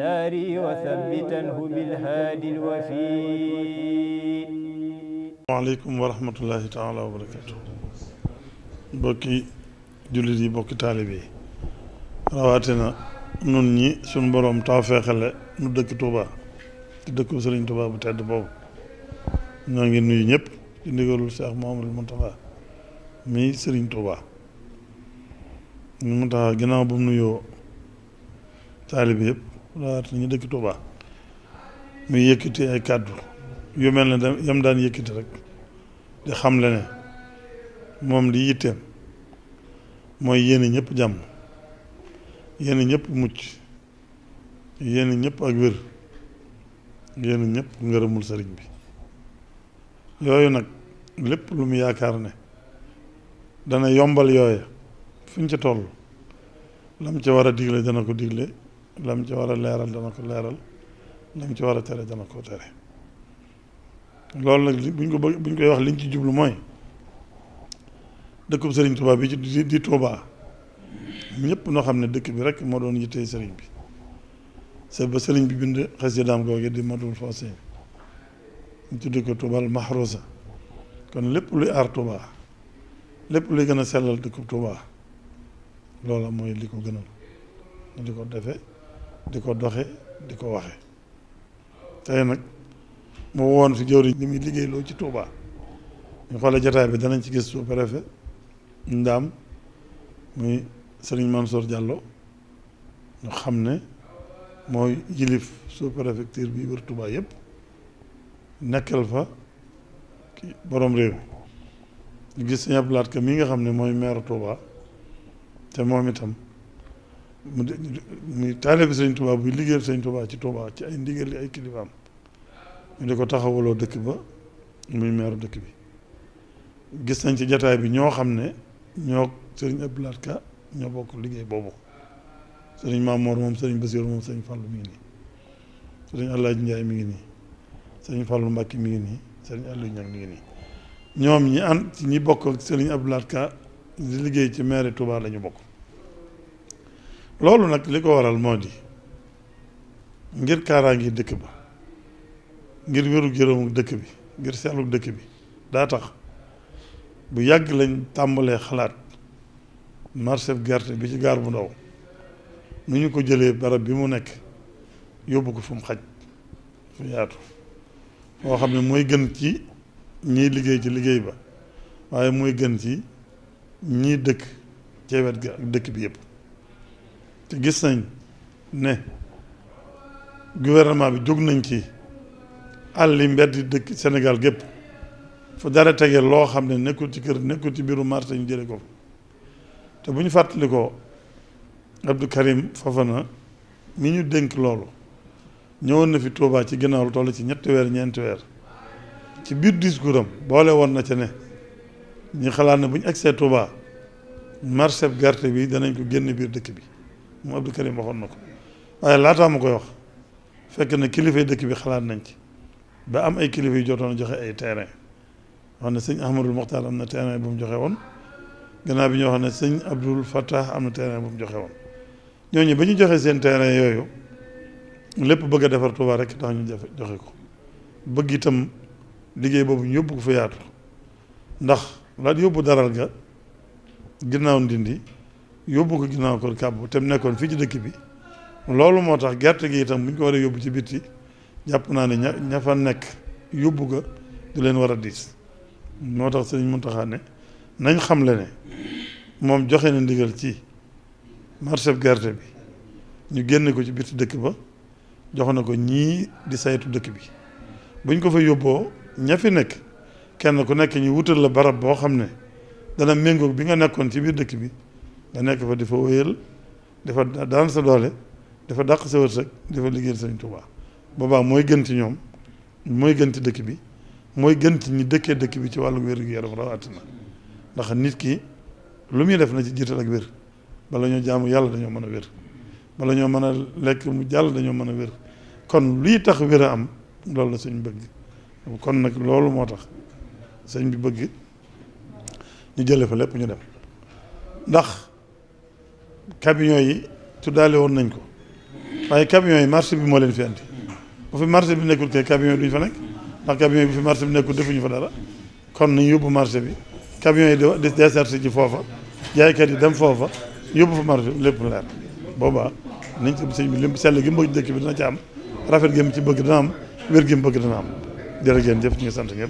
داري وثبته بالهادي الوفي وعليكم bokki jullit yi bokki taalibe yi rawatina nun ñi suñ boroom tawfeexale nu dëkk tuuba di dëkk Sëriñ Touba bu tedd boobu ñoo ngi nuyu ñëpp ci ndigalul Cheikh Mouhamadou Mountakha mii ginnaaw bu nuyoo taalibe yëpp rawatina ñu yu mel ne da yam rek di xamle moom li yitteem mooy yéene ñëpp jàmm yéene ñëpp mucc ñëpp ak wér yéene bi yooyu nag lépp lu mu yaakaar ne dana yombal yooya fuñ ci toll lam ca war a digle dana ko digle lam ci war a leeral dana ko leeral lam ci war a tere dana ko tere loolu nag buñ ko bëgg buñ koy wax liñ ci jublu mooy dëkkub sëriñ Touba bi ci di Touba ñëpp noo xam ne dëkk bi rek moo doon yittee sëriñ bi c'est ba sëriñ bi bind xasidaam googu di Matlabul Fawzayni ñu tudd ko Touba al kon lépp luy aar Touba lépp luy gën a sellal dëkkub Touba loola mooy li ko gënal ñu di ko defee di ko doxe di ko waxe tey nag mu woon fi jëwriñ li muy liggéey loo ci Touba ñu xoolee jataay bi danañ ci gis sous-préfet ndaam muy sëriñ Mansour Diallo ñu xam ne mooy yilif sous-préfecture bi wër Touba yëpp nekkal fa ki borom réew mi ñu gis sëñ Abdou Lahad Ka mii nga xam ne mooy maire Touba te moom itam mu de muy taalibe sëñ Touba buy liggéeyal sëñ Touba ci Touba ci ay ndigal li ay kilifaam ñu di ko taxawaloo dëkk ba muy meeru dëkk bi gis nañ ci jataay bi ñoo xam ne ñoo sëriñ Abdou Lahad Ka ñoo bokk liggéey boobu sëriñ Mamoor moom sëriñ Basiiru moom sëriñ Fàllu mi ngi mi ngi nii sëriñ Fàllu Mbàkke mi ngi nii sëriñ Aliou Ñang bokk ak sëriñ Abdou liggéey ci meeri Touba la bokk loolu nag li ko waral moo di ngir kaaraangi dëkk ba ngir wérug yërëmu dëkk bi ngir seetlu dëkk bi daa tax bu yàgg lañ tàmbalee xalaat marché gerte bi ci gaar bu ndaw nu ñu ko jëlee barab bi mu nekk yóbbu ko fu mu xaj fu yaatu moo xam ne mooy gën ci ñiy liggéey ci liggéey ba waaye mooy gën ci ñiy dëkk ceewet ga ak dëkk bi yëpp te gis nañ ne gouvernement bi jóg nañ ci àlli mbedd dëkk Sénégal gépp fu dara tege loo xam ne nekkul ci kër nekkul ci biiru marché ñu jële ko te bu ñu fàttali ko Abdou Karim Fofana mi ñu dénk loolu ñëwoon na fi Touba ci ginnaaw lu toll ci ñetti weer ñeenti weer ci biir discours am boole woon na ca ne ñu xalaat ne bu ñu agsee Touba marché gerte bi danañ ko génn biir dëkk bi mu Abdou Karim waxoon na ko waaye laataa ma koy wax fekk na kilifay dëkk bi xalaat nañ ci ba am ay kilifa yu jotoon joxe ay terrain wax ne sëñ Ahmadul Moxtaar am na terrain bu mu joxe woon gannaaw bi ñu wax ne sëñ Abdul Fattah am na terrain bu mu joxe woon ñooñu ba ñu joxe seen terrain yooyu lépp bëgg a defar Tuubaa rek tax ñu jafe joxe ko bëgg itam liggéey boobu ñu yóbbu ko fa yaatu ndax laat yóbbu daral ga ginnaaw ndindi yóbbu ko ginnaaw kon kàbbu te mu nekkoon fii ci dëkk bi loolu moo tax gerte gi itam bu ñu ko war a yóbbu ci bitti jàpp naa ne ña ña fa nekk yóbbu ga du leen war a diis moo tax sëñ Muntaxa ne nañ xam le ne moom joxe na ndigal ci marché gerte bi ñu génne ko ci bitti dëkk ba jox na ko ñii di saytu dëkk bi buñ ko fa yóbboo ña fi nekk kenn ku nekk ñu wutal la barab boo xam ne dana méngoog bi nga nekkoon ci biir dëkk bi nga nekk fa di fa wéyal di fa daan sa doole di fa dàq sa wërsëg di fa liggéeyal Sëriñ Tuubaa boobaa mooy gën ti ñoom mooy gën ci dëkk bi mooy gën ci ñi dëkkee dëkk bi ci wàllu wér-gu-yaram rawatina ndax nit ki lu muy def na ci jiital ak wér bala ñoo jaamu yàlla dañoo mën a wér bala ñoo mën a lekk mu jàll dañoo mën a wér kon luy tax wér a am loolu la sëñ bëgg kon nag loolu moo tax sëñ bi bëgg ñu jële fa lépp ñu dem ndax camion yi daale woon nañ ko waaye camion yi marché bi moo leen fi andi bu fi marché bi nekkul kay camion yi duñ fa nekk ndax camion yi bu fi marché bi nekkul kon nañ yóbbu marché bi camion yi di deserté ci foofa jaaykat yi dem foofa yóbbu fa marché bi lépp leer boobaa nañ ci sëñ bi lim sell gi mboj dëkk bi dina ci rafet gi mu ci bëgg dina am wér gi mu bëgg dina am jërë ngeen jëf ñu ngi sant ñëpp